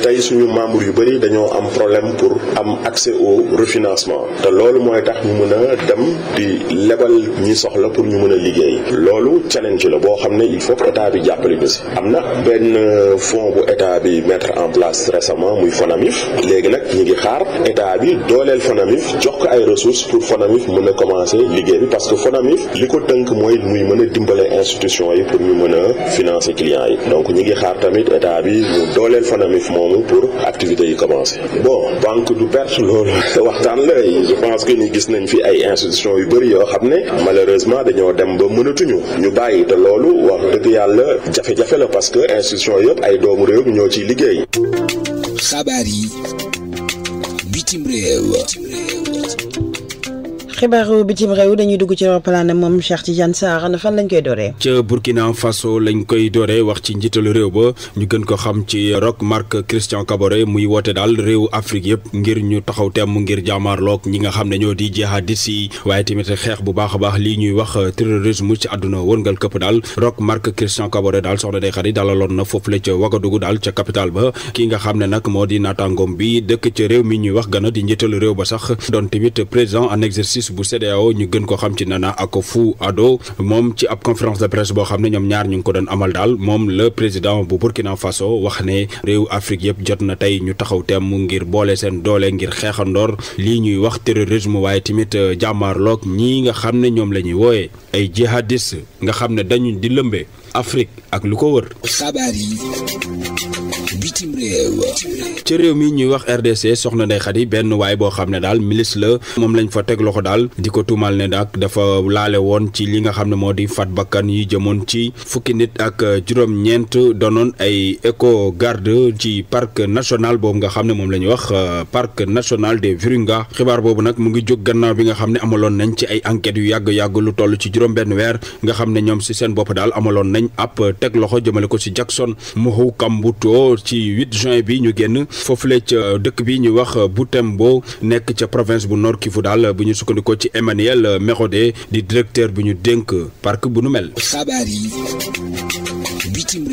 tey suñu membres yu bëri dañoo am problème pour am accès au refinancement te loolu mooy tax mu mën a dem di lebal ñi soxla pour ñu mën a liggéey loolu challenge la boo xam ne il faut que bi jàppali ñu si am na benn fonds bu état bi mettre en place récemment muy FONAMIF léegi nag ñu ngi xaar état bi dooleel FONAMIF jox ko ay ressources pour FONAMIF mën a commencer liggéey bi parce que FONAMIF li ko tënk mooy muy mën a dimbale institution yi pour ñu mën a financer clients yi donc ñu ngi xaar tamit état bi mu dooleel moom noonu pour activités yi commencé bon banque du perte loolu waxtaan la je pense que ni gis nañ fi ay institutions yu bëri yoo xam ne malheureusement dañoo dem ba mënatuñu ñu bàyyi te loolu wax dëgg yàlla jafe-jafe la parce que institutions yëpp ay doomu réew ñoo ciy liggéey. xabaar yi bitim réew. xibaaru bitim réew dañuy dugg ci roppalaan moom Cheikh Tidiane Sarr na koy dooree. ca Burkina Faso lañ koy dooree wax ci njiitalu réew ba ñu gën ko xam ci Roch Marc Christian Kaboré muy woote daal réew Afrique yëpp ngir ñu taxaw temm ngir jaamaarloog ñi nga xam ne ñoo di di yi waaye tamit xeex bu baax a baax lii ñuy wax terrorisme ci àdduna wërngal këpp daal Roch Marc Christian Kaboré daal soxna day xarit dalaloon na foofu la ca Wagadugu daal ca capital ba ki nga xam ne nag moo di naataangoom bi dëkk réew mi ñuy wax gana di njiitalu réew ba sax CEDEAO bu CEDEAO ñu gën ko xam ci Nana Akufo Addo moom ci ab conférence de presse boo xam ne ñoom ñaar ñu ngi ko doon amal daal moom le président bu Burkina Faso wax ne réew Afrique yëpp jot na tey ñu taxaw temm ngir boole seen doole ngir xeexandoor lii ñuy wax terrorisme waaye tamit euh, jàmmaarloog ñii nga xam ne ñoom la ñuy wooyee ay jihadiste nga xam ne dañu di lëmbe Afrique ak lu ko wër. ci réew mi ñuy wax RDC soxna Ndeye Khady benn waay boo xam ne daal milice la moom lañu fa teg loxo daal di ko tuumal ne nag dafa laale woon ci li nga xam ne moo di fat bakkan yi jëmoon ci fukki nit ak juróom-ñeent doonoon ay éco garde ci parc national boobu nga xam ne moom la ñuy wax euh, parc national de Virunga xibaar boobu nag mu ngi jóg gannaaw bi nga xam ne amaloon nañ ci ay enquêtes yu yàgg yàgg lu toll ci juróom-benn weer nga xam ne ñoom si seen bopp daal amaloon nañ ab teg loxo ko si Jackson Mouhou Kambouto ci 8 juin bi ñu génn foofule ca dëkk bi ñu wax bu boo nekk ca province bu Nord kiifu daal bu ñu sukkandiku ci Emmanuel Merode di directeur bu ñu dénk parc bu nu mel. bitim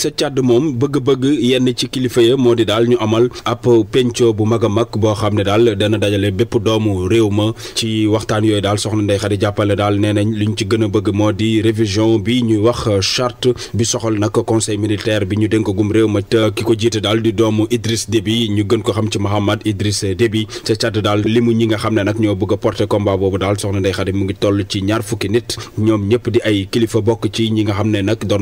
sa càdd moom bëgg-bëgg yenn ci kilifa ya moo di daal ñu amal ab penco bu mag a mag boo xam ne daal dana dajale bépp doomu réew ma ci waxtaan yooyu daal soxna ndey Khady jàppale daal nee nañ li ñu ci gën a bëgg moo di révision bi ñu wax charte bi soxal nag conseil militaire bi ñu dénk gum réew ma te ki ko jiite daal di doomu Idriss Déby ñu gën ko xam ci Mahamad Idriss Déby sa càdd daal limu ñi nga xam ne nag ñoo bëgg porte porter combat boobu daal soxna Ndeye Khady mu ngi toll ci ñaar fukki nit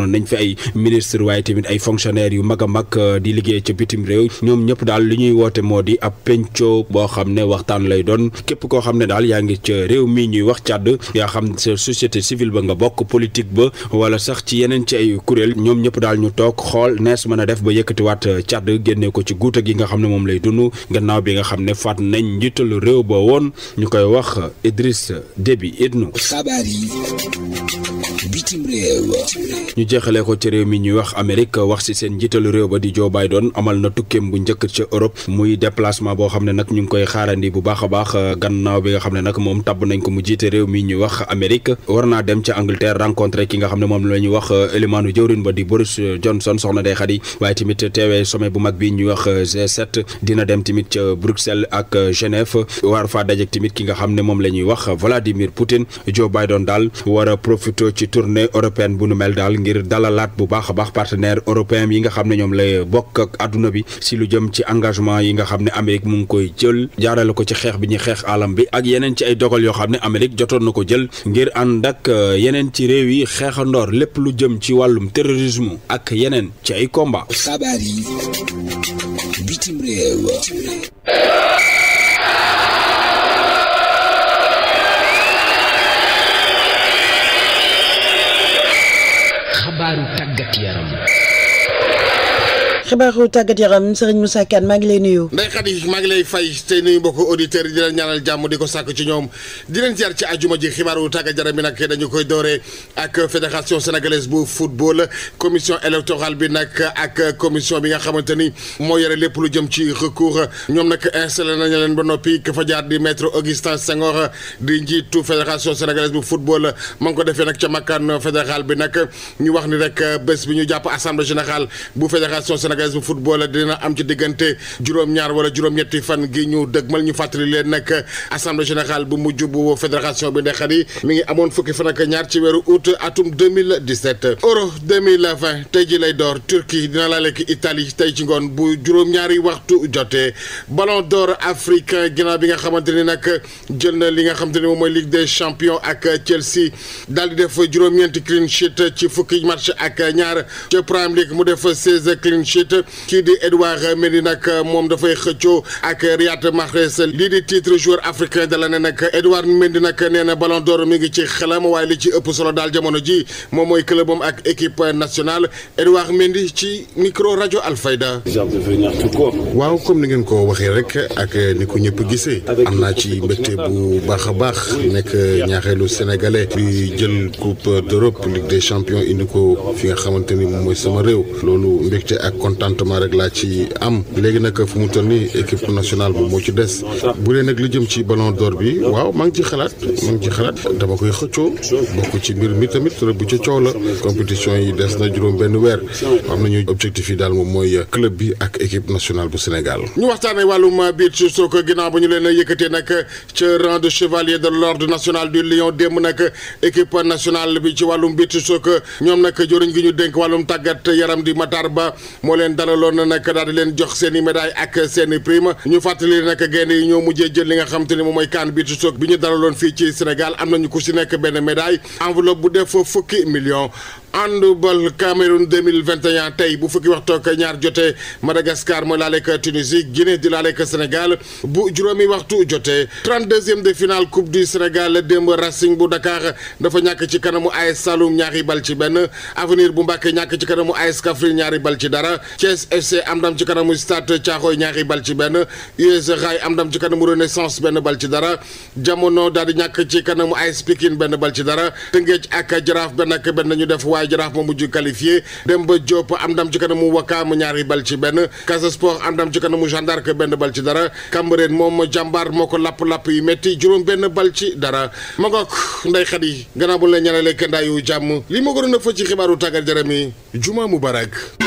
tànnoon fi ay ministre waaye tamit ay fonctionnaires yu mag a mag euh, di liggéey ca bitim réew ñoom ñëpp daal li ñuy woote moo di ab penco boo xam ne waxtaan lay doon képp koo xam ne daal yaa ngi ca réew mii ñuy wax càdd yaa xam sa société civile ba nga bokk politique ba wala sax ci yeneen ci ay kuréel ñoom ñëpp daal ñu toog xool nees mën a def ba yëkkatiwaat euh, càdd génne ko ci guuta gi nga xam ne moom lay dund gannaaw bi nga xam ne faat nañ njiitalu réew boo woon ñu koy wax Idriss Déby Itno xabaar bitim réew ñu jeexalee ko ci réew mi ñuy wax Amérique wax ci seen njiitalu réew ba di Joe Biden amal na tukkeem bu njëkk ca Europe muy déplacement boo xam ne nag ñu ngi koy xaarandi bu baax a baax euh, gannaaw bi nga xam ne nag moom tab nañ ko mu jiite réew mi ñuy wax Amérique war naa dem ca Angleterre rencontré ki nga xam ne moom la ñuy wax euh, élimaanu jëwrin ba di Boris euh, Johnson soxna day xadi waaye tamit teewee sommet bu mag bi ñuy wax g dina dem tamit ca Bruxelles ak Genève war faa dajeek ki nga xam ne moom la ñuy wax Vladimir Poutine Joe Biden daal journée européenne bu nu mel daal ngir dalalaat bu baax a baax partenaire européen yi nga xam ne ñoom lay bokk ak àdduna bi si lu jëm ci engagement yi nga xam ne Amérique mu ngi koy jël jaarale ko ci xeex bi ñuy xeex alam bi ak yeneen ci ay dogal yoo xam ne Amérique jotoon na ko jël ngir ànd ak euh, yeneen ci réew yi xeexandoor lépp lu jëm ci wàllum terrorisme ak yeneen ci ay combat. xabaar xibaaru tàggat yaram xibaaru tàggat yaram Serigne Moussa Kane maa ngi lay nuyu. Ndeye Khady maa ngi lay fay tey nuyu mbokku auditeurs yi di leen ñaanal jàmm di ko sàkk ci ñoom di leen jaar ci àjuma ji xibaaru tàggat yaram bi nag dañu koy dooree ak fédération sénégalaise bu football commission électorale bi nag ak commission bi nga xamante ni moo yore lépp lu jëm ci recours ñoom nag installé nañu leen ba noppi ka fa jaar di maître Augustin Senghor di njiitu fédération sénégalaise bu football ma ngi ko defee nak ca makan fédéral bi nag ñu wax ni rek bés bi ñu jàpp assemblée générale bu fédération bagage bu football dina am ci diggante juróom-ñaar wala juróom-ñetti fan gi ñu dëgmal ñu fàttali leen nag assemblée générale bu mujj bu fédération bi ndeexat yi mi ngi amoon fukki fan ak ñaar ci weeru août atum tey ji lay door Turquie dina laale ki Italie tey ci ngoon bu juróom-ñaari waxtu jotee ballon d'or africain ginnaaw bi nga xamante ni nag jël na li nga xamante ni moom mooy Ligue des champions ak Chelsea daal di def juróom-ñeenti clean sheet ci fukki match déet kii di Edouard Mendy nag moom dafay xëccoo ak Riyad Mahrez lii di titre joueur africain de l'année nag Edouard Mendy nag nee na Ballon d'Or mi ngi ci xelam waaye li ci ëpp solo daal jamono ji moom mooy clubam ak équipe nationale Edouard Mendy ci micro rajo Alfayda. waaw comme ni ngeen ko waxee rek ak ni ko ñëpp gisee am naa ci mbégte bu baax a baax nekk ñaaxeelu sénégalais bi jël coupe d'Europe Ligue des champions indi ko fi nga xamante ni moom mooy sama réew loolu mbégte ak contentement rek laa ci am léegi nag fu mu toll nii équipe nationale moom moo ci des bu dee nag ci ballon d'or bi waaw maa ngi ci xalaat maa ci xalaat dama koy xëccoo bokk ci mbir mi tamit bu ca coow la compétition yi des na juróom benn weer am nañu objectif yi daal moom mooy club bi ak équipe nationale bu Sénégal. ñu waxtaanee wàllum biir ci soog ginnaaw ba ñu leen a yëkkatee nag ca rang de chevalier de l'ordre national du Lion démb nag équipe nationale bi ci wàllum biir ci soog ñoom nag joriñ gi ñu dénk wàllum tàggat yaram di leen dalaloon na nag daal di leen jox seen i ak seen i prime ñu fàttali nag gaynde yi ñoo mujjee jël li nga xam ni moom mooy kaan bi ci soog bi ñu dalaloon fii ci Sénégal am nañu ku si nekk benn médaille enveloppe bu def fukki million handball Cameroun 2021 tey bu fukki waxtu ak ñaar jotee Madagascar mooy laaleeg Tunisie Guinée di laaleeg Sénégal bu juróomi waxtu jotee 32e de finale coupe du Sénégal démb Racing bu Dakar dafa ñàkk ci kanamu AS Saloum ñaari bal ci benn avenir bu Mbacké ñàkk ci kanamu AS Kaffrine ñaari bal ci dara Thiès FC am ndam ci kanamu Stade Caaxooy ñaari bal ci benn US Rail am ndam ci kanamu Renaissance benn bal ci dara jamono daal di ñàkk ci kanamu AS Pikine benn bal ci dara Tëngéej ak Jaraaf benn ak benn ñu def waaye Jaraaf moo mujj qualifié Demba Diop am ndam ci kanamu Wakaam ñaari bal ci benn Casa Sport am ndam ci kanamu Jeanne d'Arc benn bal ci dara Cambérène moom jàmbaar moo ko lapp-lapp yu métti juróom benn bal ci dara ma ngoog nday xat yi gannaaw bu la ñaanalee kandaayu jàmm li ma gënoon a fa ci xibaaru tàggat yaram yi juma mubarak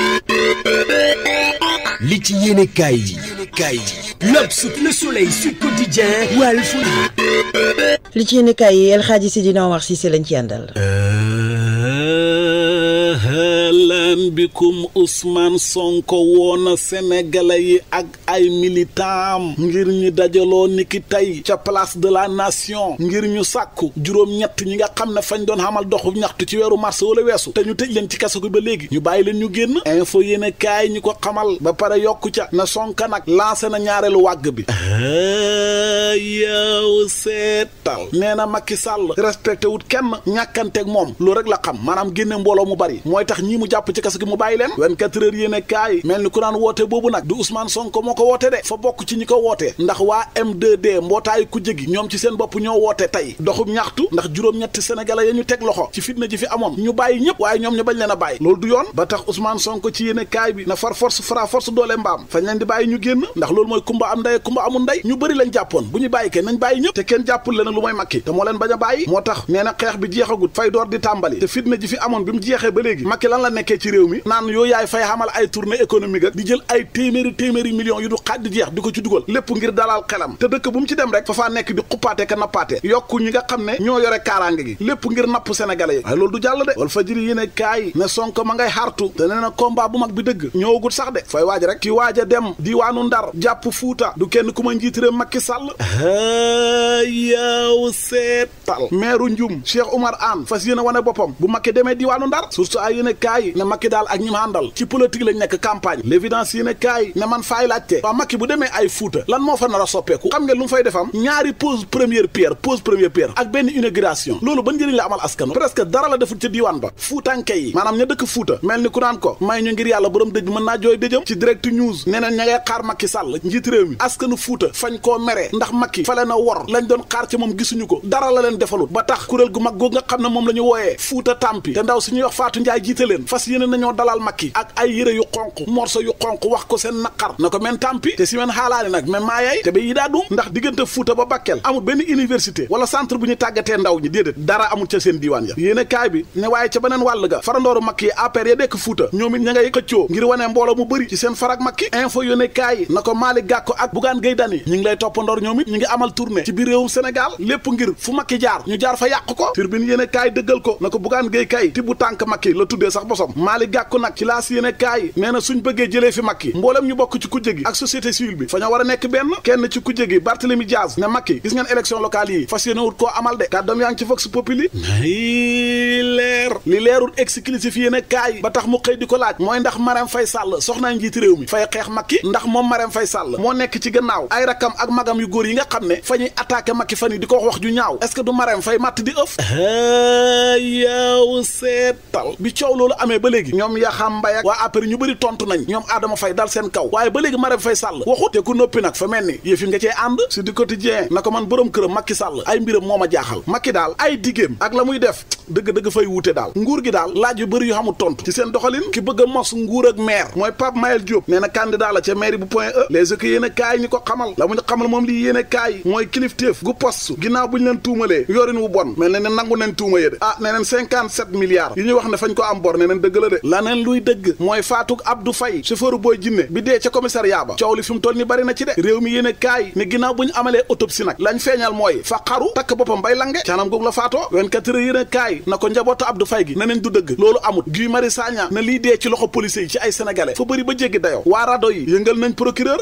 li ci yéene kaay yi kaay yi L'Obs, Le Soleil, Sud Quotidien, li ci yéene kaay yi El Hadji Sidina Omar Cissé lañ ci halan bikum Ousmane Sonko woona sénégalais yi ak ay militant ngir ñu dajaloo niki tey ca place de la nation ngir ñu sàkku juróom-ñett ñi nga xam ne fañ doon xamal doxu ñaxtu ci weeru mars wala weesu te ñu tëj leen ci kaso gi ba léegi ñu bàyyi leen ñu génn info yéene kaay ñu ko xamal ba pare yokku ca na Sonko nag lancé na ñaareelu wàgg bi yow seetal nee na Macky Sall respecté wut kenn ñàkkanteek moom lu rek la xam maanaam génne mbooloo mu bari mooy tax ñii mu jàpp ci kaso gi mu bàyyi leen 24 heures yéene kaay mel ni ku naan woote boobu nag du Ousmane Sonko moo ko woote de fa bokk ci ñi ko woote ndax waa m mbootaayu ku jëgi ñoom ci seen bopp ñoo woote tey doxub ñaxtu ndax juróom-ñetti sénégalais ya ñu teg loxo ci fitna ji fi amoon ñu bàyyi ñëpp waaye ñoom ñu bañ leen a bàyyi loolu du yoon ba tax Ousmane Sonko ci yéene bi na far force fra force doole mbaam fañ leen di bàyyi ñu génn ndax loolu mooy kumba am ndey kumba bu ñu bàyyi kenn nañ bàyyi ñëpp te kenn jàppul leen lu mooy makki te moo leen bañ na xeex bi jeexagut fay door léegi lan la nekkee ci réew mi naan yooyu yaay fay xamal ay tournée économique ak di jël ay téeméeri téeméeri millions yu du xaaj jeex di ko ci dugal lépp ngir dalal xelam te dëkk bu mu ci dem rek fafaa nekk di xuppaate ka nappaate yokk ñi nga xam ne ñoo yore kaaraange gi lépp ngir napp sénégalais yi waaye loolu du jàll de wal fajiri yéene kaay ne sonko ma ngay xartu te nee na combat bu mag bi dëgg ñëwagul sax de fay waaj rek ki waaj a dem diwaanu ndar jàpp fuuta du kenn ku ma njiit réew Macky Sall yaw seetal meeru njum Cheikh ay yéen a ne Macky daal ak ñi mu ci politique lañ nekk campagne l'évidence yéen a kaay ne man faay laajte waaw Macky bu demee ay Fuuta lan moo fa nar a soppeeku xam ngeen lu mu fay defam ñaari pose première pierre pose première pierre ak benn inauguration loolu ba njëriñ la amal askanu presque dara la deful ca diiwaan ba fuutanke yi maanaam ña dëkk Fuuta mel ni ku naan ko may ñu ngir yàlla borom dëj mën naa jooy dëjëm ci direct news nee na ña ngay xaar Macky Sall njiit ko dara la leen defalut ba tax kuréel gu mag googu nga moom la ñu wooyee Fuuta Tampi Ndiaye jiite leen fas yéene nañoo dalal Macky ak ay yëre yu xonq morso yu xonq wax ko seen naqar na ko men tampi te si men xaalaani nag men maayaay te ba yi daa dum ndax diggante Fuuta ba Bakel amul benn université wala centre bu ñu tàggatee ndaw ñi déedéet dara amul ca seen diiwaan ya yéene kaay bi ne waaye ca beneen wàll ga farandooru Macky yi APR ya dekk Fuuta ñoom it ña ngay xëccoo ngir wane mbooloo mu bëri ci seen farak Macky info yónne kaay na ko Malick Gakou ngi lay toppandoor ñoom it ñi ngi amal tournée ci biir réewum Sénégal lépp ngir fu Macky jaar ñu jaar fa yàq ko turbine ko na ko Bougane Gueye kay ti bu la tuddee sax bosom Malick Gakou nag ci laas yéene kaay nee na suñ bëggee jëlee fi Macky mboolem ñu bokk ci kujje gi ak société civile bi fa ñoo war a nekk benn kenn ci kujje gi Barthélemy Diaz ne Macky gis ngeen élection locale yi fas yéene wut koo amal de kàddoom yaa ngi ci yi ba tax mu xëy di ko laaj mooy ndax Marème Faye Sall soxna njiit réew mi fay xeex Macky ndax moom Marème Faye Sall moo nekk ci gannaaw ay rakam ak magam yu góor yi nga xam ne fa ñuy attaqué Macky fan yi di ko wax ju ñaaw est-ce que du Marème Faye màtt di ëf yow seetal bi bi coow loolu amee ba léegi ñoom Yaxam Mbaye bëri tontu na ko man boroom ay mbiram moo ma jaaxal Macky daal ay digéem ak la muy def dëgg-dëgg gi daal laaj yu bëri yu xamul tontu ci seen doxalin ki bëgg a mos nguur ak maire mooy Pape Mayel Diop nee na candidat ca maire bu point e les equ yéen kaay ñi ko xamal la mu ñu xamal moom lii yéen kaay mooy kilifteef gu poste ginnaaw bu ñu leen tuumalee yorin wu bon mel ne nangu nañ tuuma yéde ah nee neen cinquante yi ñuy wax ne fañ ko ko am bor ne dëgg la de laneen luy dëgg mooy faatuk Abdou Faye chauffeur booy jinne bi dee ca commissariat ba coow li fi toll ni bari na ci de réew mi yéene kaay ne ginnaaw bu amalee autopsie nag lañ feeñal mooy fa takk boppam bay lange canam googu la faatoo 24 heures kaay na ko njabootu Abdou Faye gi ne du dëgg loolu amut Guy Marius Sagna na lii dee ci loxo policiers yi ci ay sénégalais fa bëri ba jéggi dayo waa rado yi yëngal nañ procureur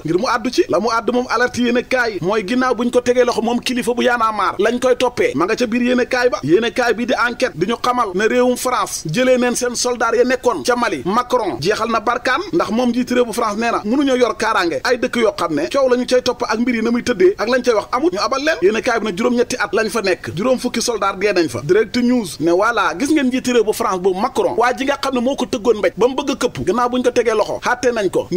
neen seen soldaar ya nekkoon ca Mali Macron jeexal na barkaan ndax moom njiit bu France nee na mënuñoo yor kaaraange ay dëkk yoo xam ne coow la cay topp ak mbir yi na muy tëddee ak lañ cay wax amul ñu abal leen yéen kaay bi juróom-ñetti at lañ fa nekk juróom fukki soldaar dee nañ fa direct news ne voilà gis ngeen njiit bu France boobu Macron waa ji xam ne moo ko tëggoon mbéj ba bëgg a këpp gannaaw bu ñu ko tegee loxo xattee nañ ko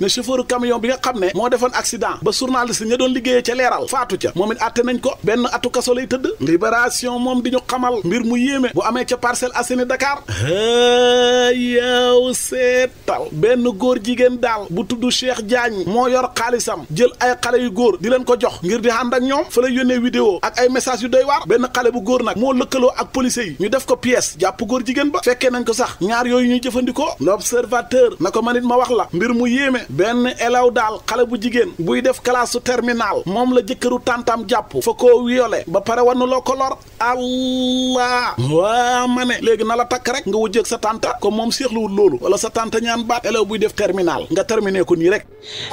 ne chauffeur camion bi nga xam ne moo defoon accident ba journaliste ña doon liggéeyee ca leeral faatu ca moom it àtte nañ ko benn atu kaso lay tëdd libération moom di ñu xamal mbir mu yéeme bu amee ca Parcelles Assainies dakaar yow seetal benn góor jigéen daal bu tudd Cheikh Diagne moo yor xaalisam jël ay xale yu góor di leen ko jox ngir di ànd ak ñoom fa lay yónnee vidéo ak ay message yu doy waar benn xale bu góor nag moo lëkkaloo ak policiers yi ñu def ko pièce góor jigéen ba fekkee nañ ko sax ñaar yooyu ñuy jëfandikoo l'observateur na ko man it ma wax la mbir mu yéeme benn elaw daal xale bu jigéen buy def kalaasu terminal moom la jëkkëru tàntam jàpp fa ko wiole ba pare wannu loo ko lor allah waa ma ne léegi na la takk rek nga wujjeeg sa tànta comme moom seexluwul loolu wala sa tànta ñaan baat elaw buy def terminal nga terminé ko nii rek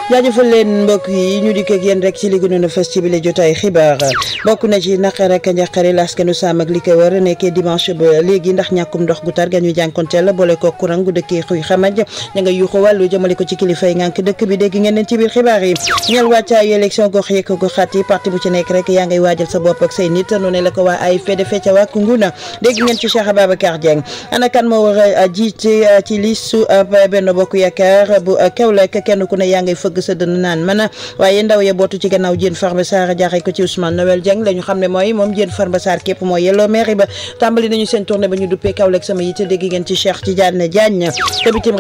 jaajëfal leen mbokk yi ñu dikk ak yéen rek ci li gënoon a fës ci jotaay xibaar bokk na ci naqar ak njaqare laskanu saam li ko war a nekkee dimanche ba léegi ndax ñàkkum ndox tar ga ñu jànkonteel boole ko courant gu dëkkee xuy xamaj ña nga yuuxu wàllu jëmale ko ci kilifa yi nank dëkk bi dégg ngeen leen ci biir xibaar yi ñeel wàccaayu élection gox yeeg goxaat yi parti bu ci nekk rek yaa ngay waajal sa bopp ak say nit nu ne la ko waa ay fede feca waa ci Cheikh Ababacar Dieng a yaa ngay fëgg sa dënn naan man waaye ndaw ya bootu ci gannaaw Diène Farba Sarr jaaxee ko ci Ousmane Noël Dieng la xam ne mooy moom Diène Farba Sarr képp mooy yelloo mairie ba tàmbali nañu seen tournée ba ñu duppee Kaolack sama yitte dégg ngeen ci Cheikh Tidiane Diagne te bitim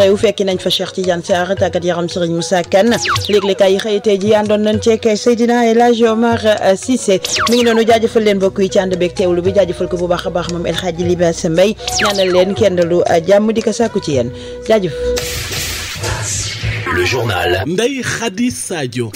Serigne Moussa Kane léegi kay xëy tey ji àndoon nañ ceek Seydina El Hadj Omar euh, Cissé mi ngi noonu jaajëfal leen mbokk yi ci ànd beeg teewlu bi jaajafal ko bu baax a baax moom El Hadj Libas Mbaye ñaanal leen kenn lu euh, jàmm di ko sàkku ci yéen jaajëf. Le journal. Ndeye Khady Sadio.